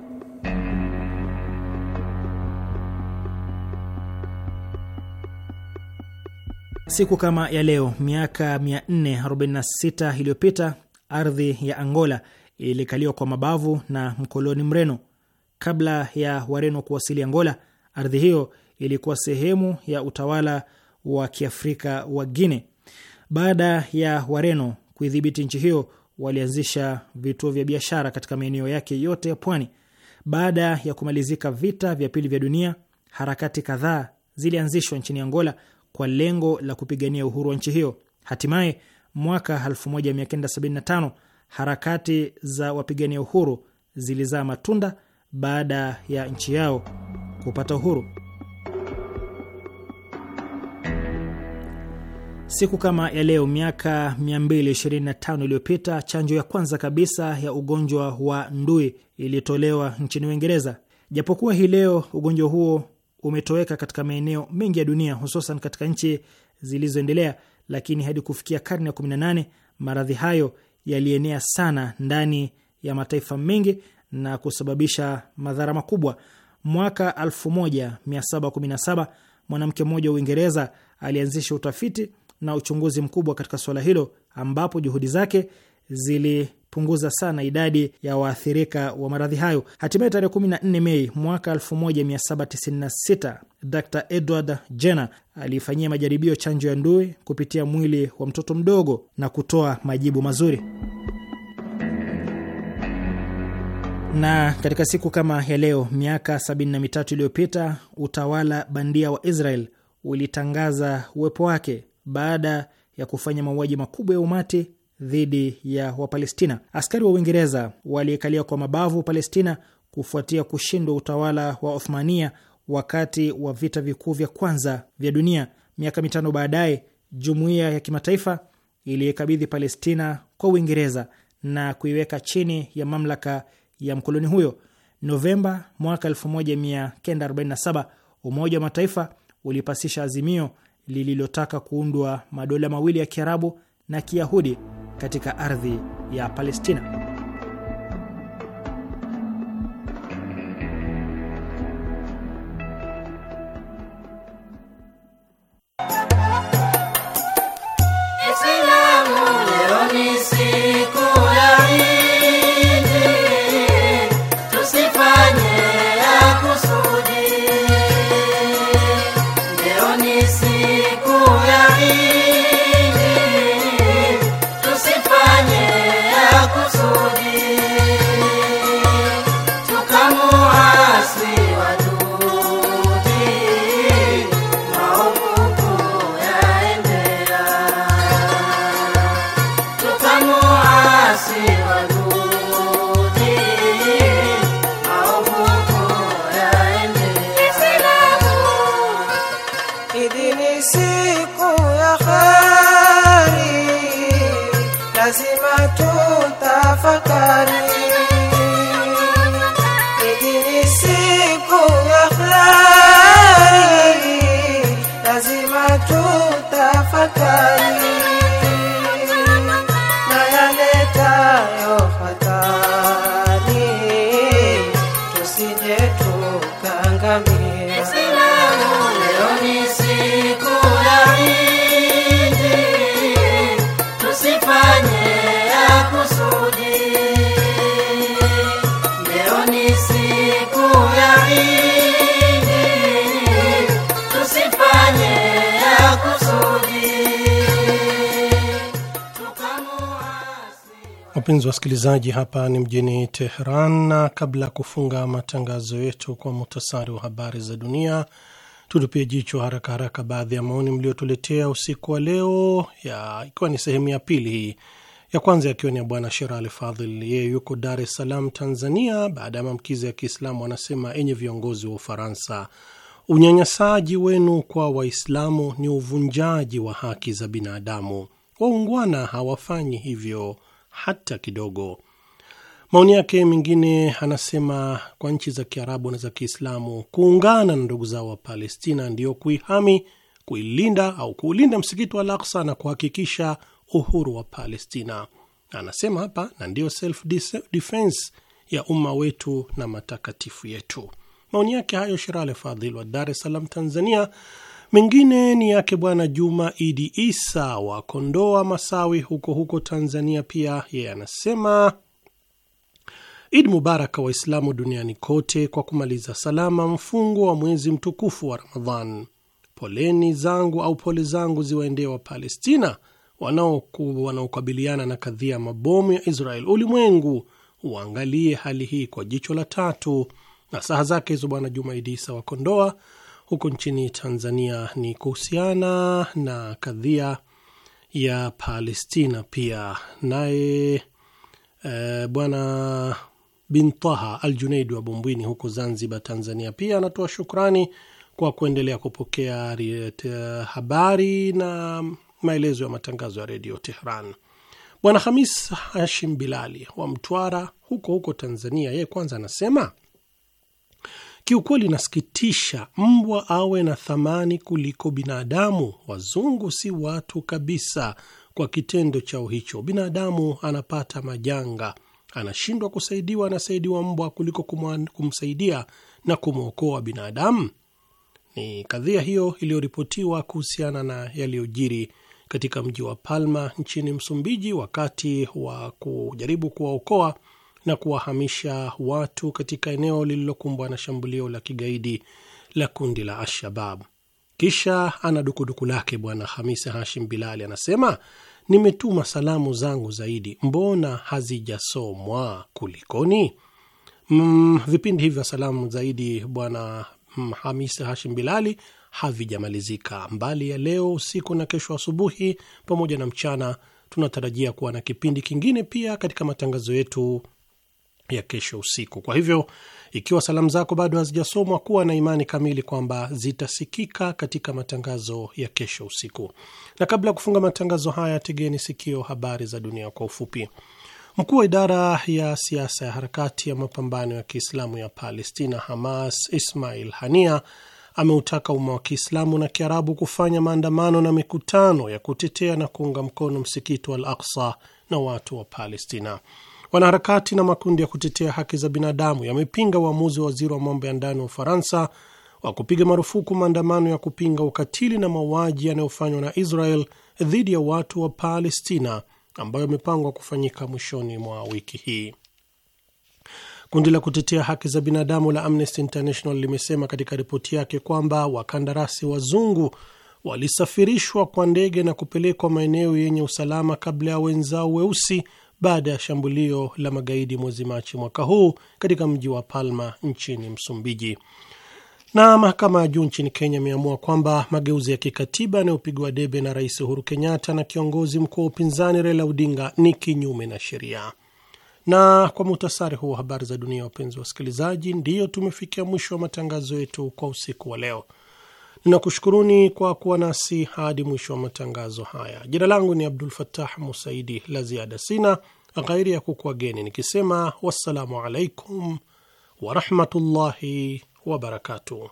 Siku kama ya leo miaka 446 iliyopita ardhi ya Angola ilikaliwa kwa mabavu na mkoloni Mreno. Kabla ya Wareno kuwasili Angola, ardhi hiyo ilikuwa sehemu ya utawala wa kiafrika wa Guine. Baada ya Wareno kuidhibiti nchi hiyo, walianzisha vituo vya biashara katika maeneo yake yote ya pwani. Baada ya kumalizika vita vya pili vya dunia, harakati kadhaa zilianzishwa nchini Angola kwa lengo la kupigania uhuru wa nchi hiyo. Hatimaye mwaka 1975 harakati za wapigania uhuru zilizaa matunda baada ya nchi yao kupata uhuru. Siku kama ya leo miaka 225 iliyopita chanjo ya kwanza kabisa ya ugonjwa wa ndui ilitolewa nchini Uingereza. Japokuwa hii leo ugonjwa huo umetoweka katika maeneo mengi ya dunia, hususan katika nchi zilizoendelea, lakini hadi kufikia karne ya 18 maradhi hayo yalienea sana ndani ya mataifa mengi na kusababisha madhara makubwa. Mwaka 1717 mwanamke mmoja wa Uingereza alianzisha utafiti na uchunguzi mkubwa katika suala hilo, ambapo juhudi zake zilipunguza sana idadi ya waathirika wa maradhi hayo. Hatimaye tarehe 14 Mei mwaka 1796 Dr Edward Jenner aliifanyia majaribio chanjo ya ndui kupitia mwili wa mtoto mdogo na kutoa majibu mazuri. Na katika siku kama ya leo miaka 73 iliyopita utawala bandia wa Israel ulitangaza uwepo wake baada ya kufanya mauaji makubwa ya umati dhidi ya Wapalestina. Askari wa Uingereza waliikalia kwa mabavu Palestina kufuatia kushindwa utawala wa Othmania wakati wa vita vikuu vya kwanza vya dunia. Miaka mitano baadaye, jumuiya ya kimataifa iliyekabidhi Palestina kwa Uingereza na kuiweka chini ya mamlaka ya mkoloni huyo. Novemba mwaka 1947 Umoja wa Mataifa ulipasisha azimio lililotaka kuundwa madola mawili ya Kiarabu na Kiyahudi katika ardhi ya Palestina. Wapenzi wasikilizaji, hapa ni mjini Teheran, na kabla ya kufunga matangazo yetu kwa muhtasari wa habari za dunia, tutupie jicho haraka haraka baadhi ya maoni mliotuletea usiku wa leo, ikiwa ni sehemu ya pili hii. Ya kwanza yakiwa ni ya Bwana Sherali Fadhil, yeye yuko Dar es Salaam, Tanzania. Baada ya maamkizi ya Kiislamu, anasema enye viongozi wa Ufaransa, Unyanyasaji wenu kwa Waislamu ni uvunjaji wa haki za binadamu. Waungwana hawafanyi hivyo hata kidogo. Maoni yake mengine anasema, kwa nchi za Kiarabu na za Kiislamu kuungana na ndugu zao wa Palestina ndiyo kuihami, kuilinda au kuulinda msikiti wa Al-Aqsa na kuhakikisha uhuru wa Palestina. Anasema hapa, na ndiyo self defense ya umma wetu na matakatifu yetu. Maoni yake hayo Shirale Fadhil wa Dar es Salaam, Tanzania. Mengine ni yake Bwana Juma Idi Isa wa Kondoa Masawi, huko huko Tanzania pia. Yeye anasema id mubaraka Waislamu duniani kote kwa kumaliza salama mfungo wa mwezi mtukufu wa Ramadhan. Poleni zangu au pole zangu ziwaendee wa Palestina wanaokabiliana na kadhia mabomu ya Israel. Ulimwengu uangalie hali hii kwa jicho la tatu Nasaha zake hizo Bwana Jumaidi Isa wa Kondoa huko nchini Tanzania ni kuhusiana na kadhia ya Palestina pia. Naye e, Bwana bin Taha al Junaidi wa Bumbwini huko Zanzibar, Tanzania pia anatoa shukrani kwa kuendelea kupokea eh, habari na maelezo ya matangazo ya redio Tehran. Bwana Hamis Hashim Bilali wa Mtwara huko huko Tanzania, yeye kwanza anasema Kiukweli nasikitisha, mbwa awe na thamani kuliko binadamu. Wazungu si watu kabisa kwa kitendo chao hicho. Binadamu anapata majanga, anashindwa kusaidiwa, anasaidiwa mbwa kuliko kumsaidia na kumwokoa binadamu. Ni kadhia hiyo iliyoripotiwa kuhusiana na yaliyojiri katika mji wa Palma nchini Msumbiji wakati wa kujaribu kuwaokoa na kuwahamisha watu katika eneo lililokumbwa na shambulio la kigaidi la kundi la Alshabab. Kisha ana dukuduku lake Bwana Hamisa Hashim Bilali anasema, nimetuma salamu zangu zaidi, mbona hazijasomwa kulikoni? Mm, vipindi hivyo salamu zaidi Bwana mm, Hamisa Hashim Bilali havijamalizika. Mbali ya leo usiku na kesho asubuhi pamoja na mchana, tunatarajia kuwa na kipindi kingine pia katika matangazo yetu ya kesho usiku. Kwa hivyo, ikiwa salamu zako bado hazijasomwa, kuwa na imani kamili kwamba zitasikika katika matangazo ya kesho usiku. Na kabla ya kufunga matangazo haya, tegeni sikio habari za dunia kwa ufupi. Mkuu wa idara ya siasa ya harakati ya mapambano ya Kiislamu ya Palestina Hamas Ismail Hania ameutaka umma wa Kiislamu na Kiarabu kufanya maandamano na mikutano ya kutetea na kuunga mkono msikiti wa Al Aksa na watu wa Palestina. Wanaharakati na makundi ya kutetea haki za binadamu yamepinga uamuzi wa waziri wa mambo ya ndani wa Ufaransa wa kupiga marufuku maandamano ya kupinga ukatili na mauaji yanayofanywa na Israel dhidi ya watu wa Palestina ambayo yamepangwa kufanyika mwishoni mwa wiki hii. Kundi la kutetea haki za binadamu la Amnesty International limesema katika ripoti yake kwamba wakandarasi wazungu walisafirishwa kwa ndege na kupelekwa maeneo yenye usalama kabla ya wenzao weusi baada ya shambulio la magaidi mwezi Machi mwaka huu katika mji wa Palma nchini Msumbiji. Na mahakama ya juu nchini Kenya imeamua kwamba mageuzi ya kikatiba yanayopigwa debe na Rais Uhuru Kenyatta na kiongozi mkuu wa upinzani Raila Odinga ni kinyume na sheria. Na kwa muhtasari huu wa habari za dunia, wapenzi wa wasikilizaji, ndiyo tumefikia mwisho wa matangazo yetu kwa usiku wa leo. Ninakushukuruni kwa kuwa nasi hadi mwisho wa matangazo haya. Jina langu ni Abdul Fattah Musaidi. La ziada sina ghairi ya kukuageni nikisema wassalamu alaikum warahmatullahi wabarakatuh.